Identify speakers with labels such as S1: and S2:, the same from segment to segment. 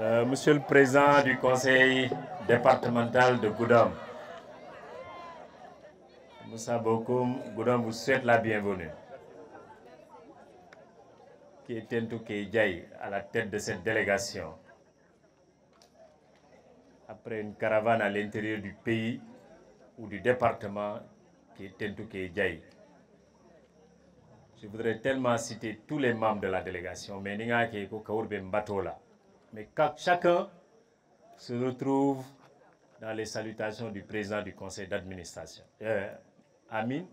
S1: Euh, monsieur le Président du Conseil départemental de Goudam, Moussa Bokoum, Goudam vous souhaite la bienvenue. Qui est Tentouke Djaï à la tête de cette délégation. Après une caravane à l'intérieur du pays ou du département qui est Tentouke Djaï. Je voudrais tellement citer tous les membres de la délégation, mais a pas mais chacun se retrouve dans les salutations du président du conseil d'administration. Euh, Amin,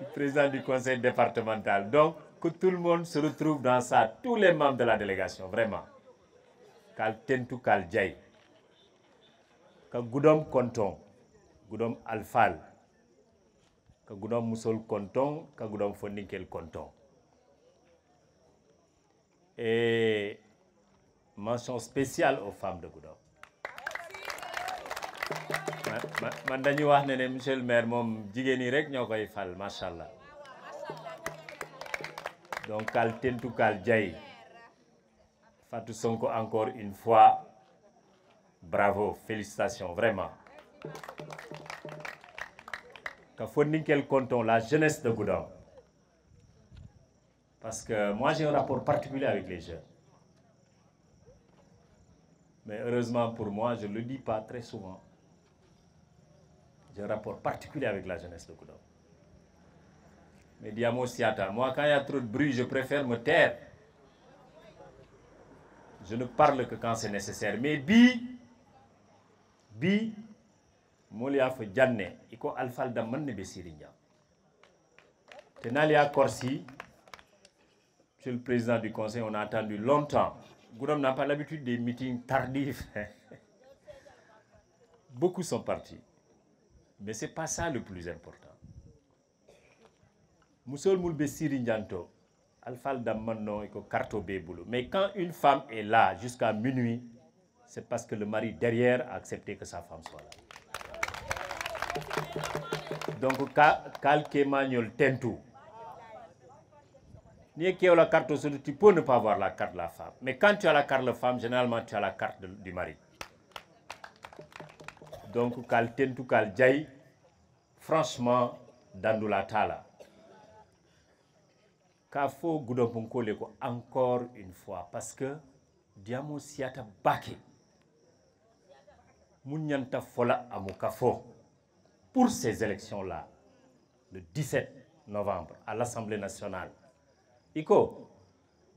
S1: le président du conseil départemental. Donc, que tout le monde se retrouve dans ça, tous les membres de la délégation, vraiment. Kal Tentou Kal Djaï. Ka Goudom Konton, Alfal, Ka Gudom Moussol Konton, Ka Gudom Fondinkel et mention spéciale aux femmes de Gouda. Je dañuy wax ne le maire mom jigéen rek ñoo fal machallah. donc kal vous kal jay Fatou Sonko encore une fois bravo félicitations vraiment ka fondinkel compton la jeunesse de Gouda. Parce que moi, j'ai un rapport particulier avec les jeunes. Mais heureusement pour moi, je ne le dis pas très souvent. J'ai un rapport particulier avec la jeunesse de Kouda. Mais Diamo Siata, moi, quand il y a trop de bruit, je préfère me taire. Je ne parle que quand c'est nécessaire. Mais bi, bi, Il faut Iko Alfalda Manne Bessirinia. à Corsi, Monsieur le Président du Conseil, on a attendu longtemps. Gouram n'a pas l'habitude des meetings tardifs. Beaucoup sont partis. Mais ce n'est pas ça le plus important. Moussoul Moulbe Sirinjanto, Alphal Dammano et Karto Mais quand une femme est là jusqu'à minuit, c'est parce que le mari derrière a accepté que sa femme soit là. Donc, Kalkema Tentou la carte aujourd'hui, tu peux ne pas avoir la carte de la femme. Mais quand tu as la carte de la femme, généralement, tu as la carte du mari. Donc, tu de la femme, franchement, la tala. Kafo gudompunko leko encore une fois, parce que diamo siata baki fola amokafo. Pour ces élections-là, le 17 novembre, à l'Assemblée nationale,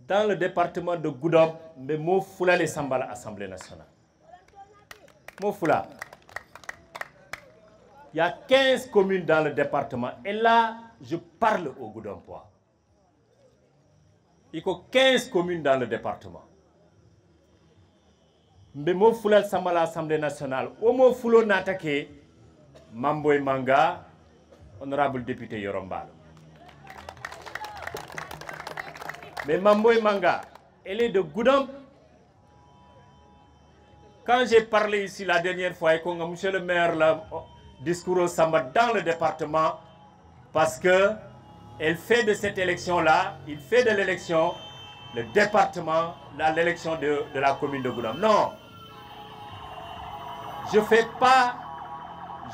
S1: dans le département de Goudop, mais les Sambala Assemblée nationale. Il y a 15 communes dans le département. Et là, je parle au Goudompois. Il y a 15 communes dans le département. Mais communes Sambala Assemblée nationale. Au Natake, Mamboy Manga, honorable député Yorombalo. Mais et Manga, elle est de Goudam. Quand j'ai parlé ici la dernière fois, et monsieur le maire, le oh, discours au Samba dans le département, parce que elle fait de cette élection-là, il fait de l'élection, le département, l'élection de, la commune de Goudam. Non, je ne fais pas,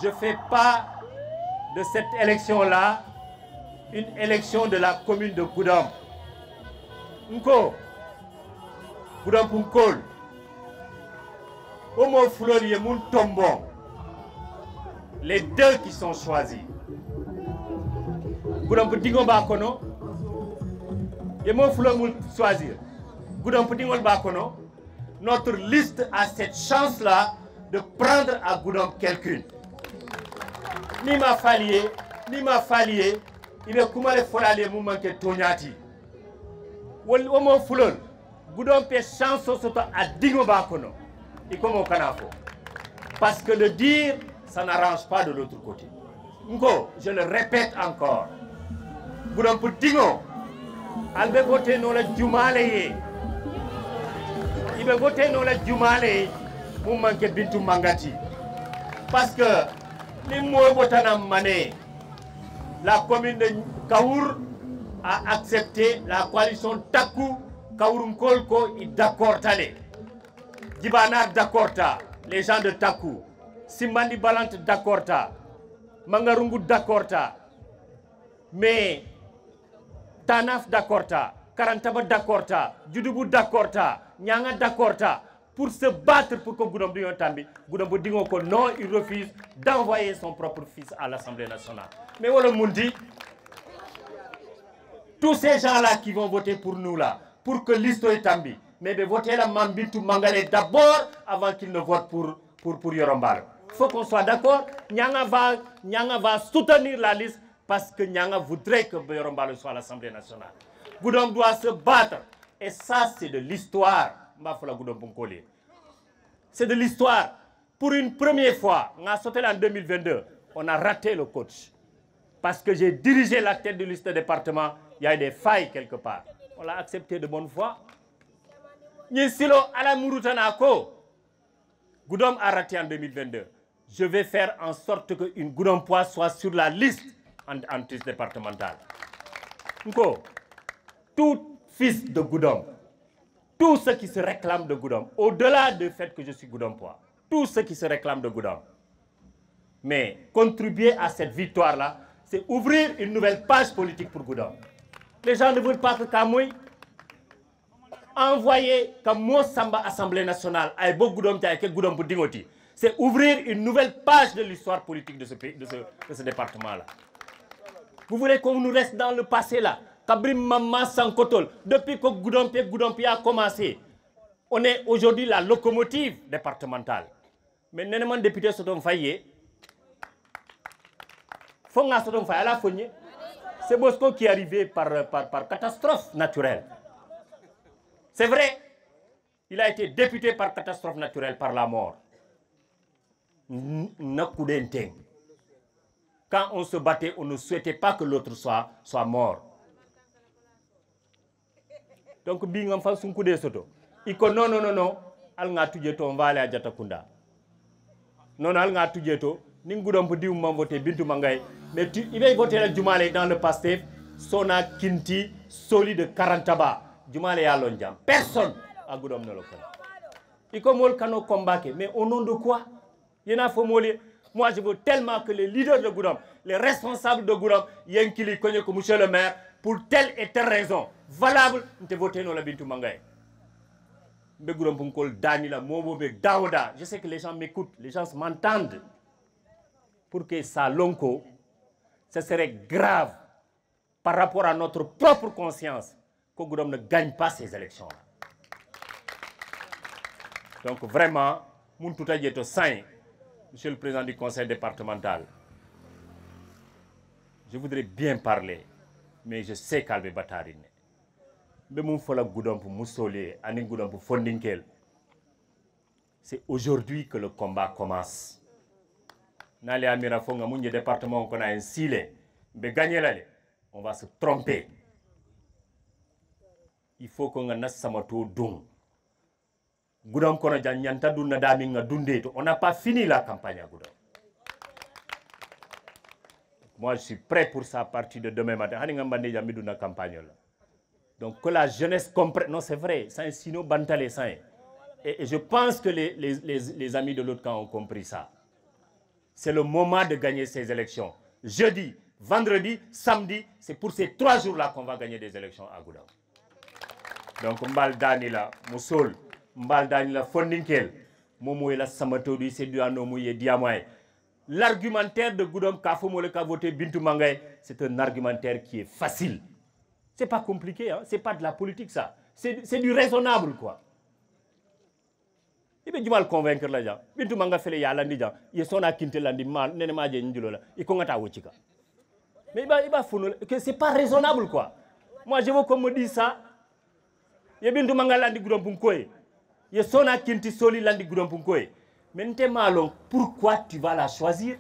S1: je fais pas de cette élection-là une élection de la commune de Goudam nko budankunkoolu wo moo fuloolu ye mun tomboo les deux qui sont choisis gudon po diŋo baa kono ye moo fuloolu mun choisir gudon po diŋol baa notre liste a cette chance là de prendre à gudon quelqu'un. ni ma faali ni ma faali Il est comment les le folaali ye mun maŋ ke wol womo Vous gudon pe chance soto a dingo bakono ikomo kanafo parce que le dire ça n'arrange pas de l'autre côté nko je le répète encore gudon pour dingo albe voté no la jumale ye ibe voté no la jumale mum manke bintu mangati parce que ni moy botanam mané la commune de Kaour a accepté la coalition Taku Kaurumkolko et Dakortale. Dibanar Dakorta, les gens de Taku. Simandi Balante Dakorta. Mangarungu Dakorta. Mais Tanaf Dakorta. Karantaba Dakorta. Judubu Dakorta. Nyanga Dakorta. Pour se battre pour que Goudambou Yontambi, Goudambou Dingo, non, il refuse d'envoyer son propre fils à l'Assemblée nationale. Mais voilà, Mundi, tous ces gens-là qui vont voter pour nous là, pour que l'histoire tambi, mais de voter la Mambitou Mangale d'abord avant qu'ils ne votent pour, pour, pour Il faut qu'on soit d'accord. Nyanga va, Nyanga va soutenir la liste parce que Nyanga voudrait que Yorombal soit à l'Assemblée nationale. Goudom doit se battre. Et ça, c'est de l'histoire. C'est de l'histoire. Pour une première fois, on a sauté en 2022, on a raté le coach. Parce que j'ai dirigé la tête de liste département il y a des failles quelque part. On l'a accepté de bonne foi. Ni Goudom a raté en 2022. Je vais faire en sorte qu'une Poids soit sur la liste en, triste départementale. Tout fils de Goudom, tout ceux qui se réclament de Goudom, au-delà du fait que je suis Poids, tout ceux qui se réclament de Goudom, mais contribuer à cette victoire-là, c'est ouvrir une nouvelle page politique pour Goudom les gens ne veulent pas que Kamouy envoyer comme Assemblée nationale à Bogoudom Goudom C'est ouvrir une nouvelle page de l'histoire politique de ce, département-là. Vous voulez qu'on nous reste dans le passé là Kabrim depuis que Goudompi Goudompi a commencé, on est aujourd'hui la locomotive départementale. Mais nous député Sotom Fayé. Fonga Sotom Fayé, à la fournier. C'est Bosco qui est arrivé par, catastrophe naturelle. C'est vrai, il a été député par catastrophe naturelle, par la mort. Quand on se battait, on ne souhaitait pas que l'autre soit, mort. Donc, Bingam des Soto. Iko, non, non, non, non, on va aller à Jatakunda. Non, Al Nga Ningudompo Diouma voté Bintou Mangaï. Mais tu, il va voter avec Djoumalé dans le passé. Sona Kinti, solide 40 Karantaba. Djoumalé à Londjam. Personne à Goudom Nolokon. Il comme Kano combattre. Mais au nom de quoi Il y en a Moi, je veux tellement que les leaders de Goudom, les responsables de Goudom, Yenkili, comme Monsieur le maire, pour telle et telle raison, valable, nous avons voté la Bintou Mangaï. Je sais que les gens m'écoutent, les gens m'entendent pour que ça Salonko, ce serait grave par rapport à notre propre conscience que Goudom ne gagne pas ces élections-là. Donc vraiment, à Dieto Sain, Monsieur le Président du Conseil départemental, je voudrais bien parler, mais je sais qu'Albert Batarine. Mais mon fola Goudom pour Moussolé, Anne Goudom pour Fondinkel, c'est aujourd'hui que le combat commence. N'allez ya mira fo nga munje département kono en Mais gagner là, on va se tromper il faut ko nga nassamato dum gudam kono jan ñanta dun na damin nga dunde to on n'a pas fini la campagne Goudam. gudam moi je suis prêt pour ça à partir de demain matin hani nga mbande jam miduna campagne là. donc que la jeunesse comprenne non c'est vrai ça sino bantale ça et, et je pense que les, les, les amis de l'autre camp ont compris ça c'est le moment de gagner ces élections. Jeudi, vendredi, samedi, c'est pour ces trois jours-là qu'on va gagner des élections à Goudam. Donc, Mbal Danila, Moussoul, Mbal Danila, Fondinkel, Moumouela Samatoudi, Seduano Mouye Diamoué. L'argumentaire de Kafou a voté Bintou Mangay, c'est un argumentaire qui est facile. C'est pas compliqué, hein? c'est pas de la politique ça. C'est du raisonnable quoi. Il jumal convaincre la jang nene ma je mais iba iba que c'est pas raisonnable quoi moi je veux qu'on me ça ye landi koy ye sona soli landi mais pourquoi tu vas la choisir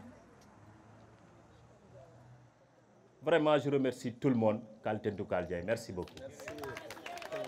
S1: vraiment je remercie tout le monde kalten merci beaucoup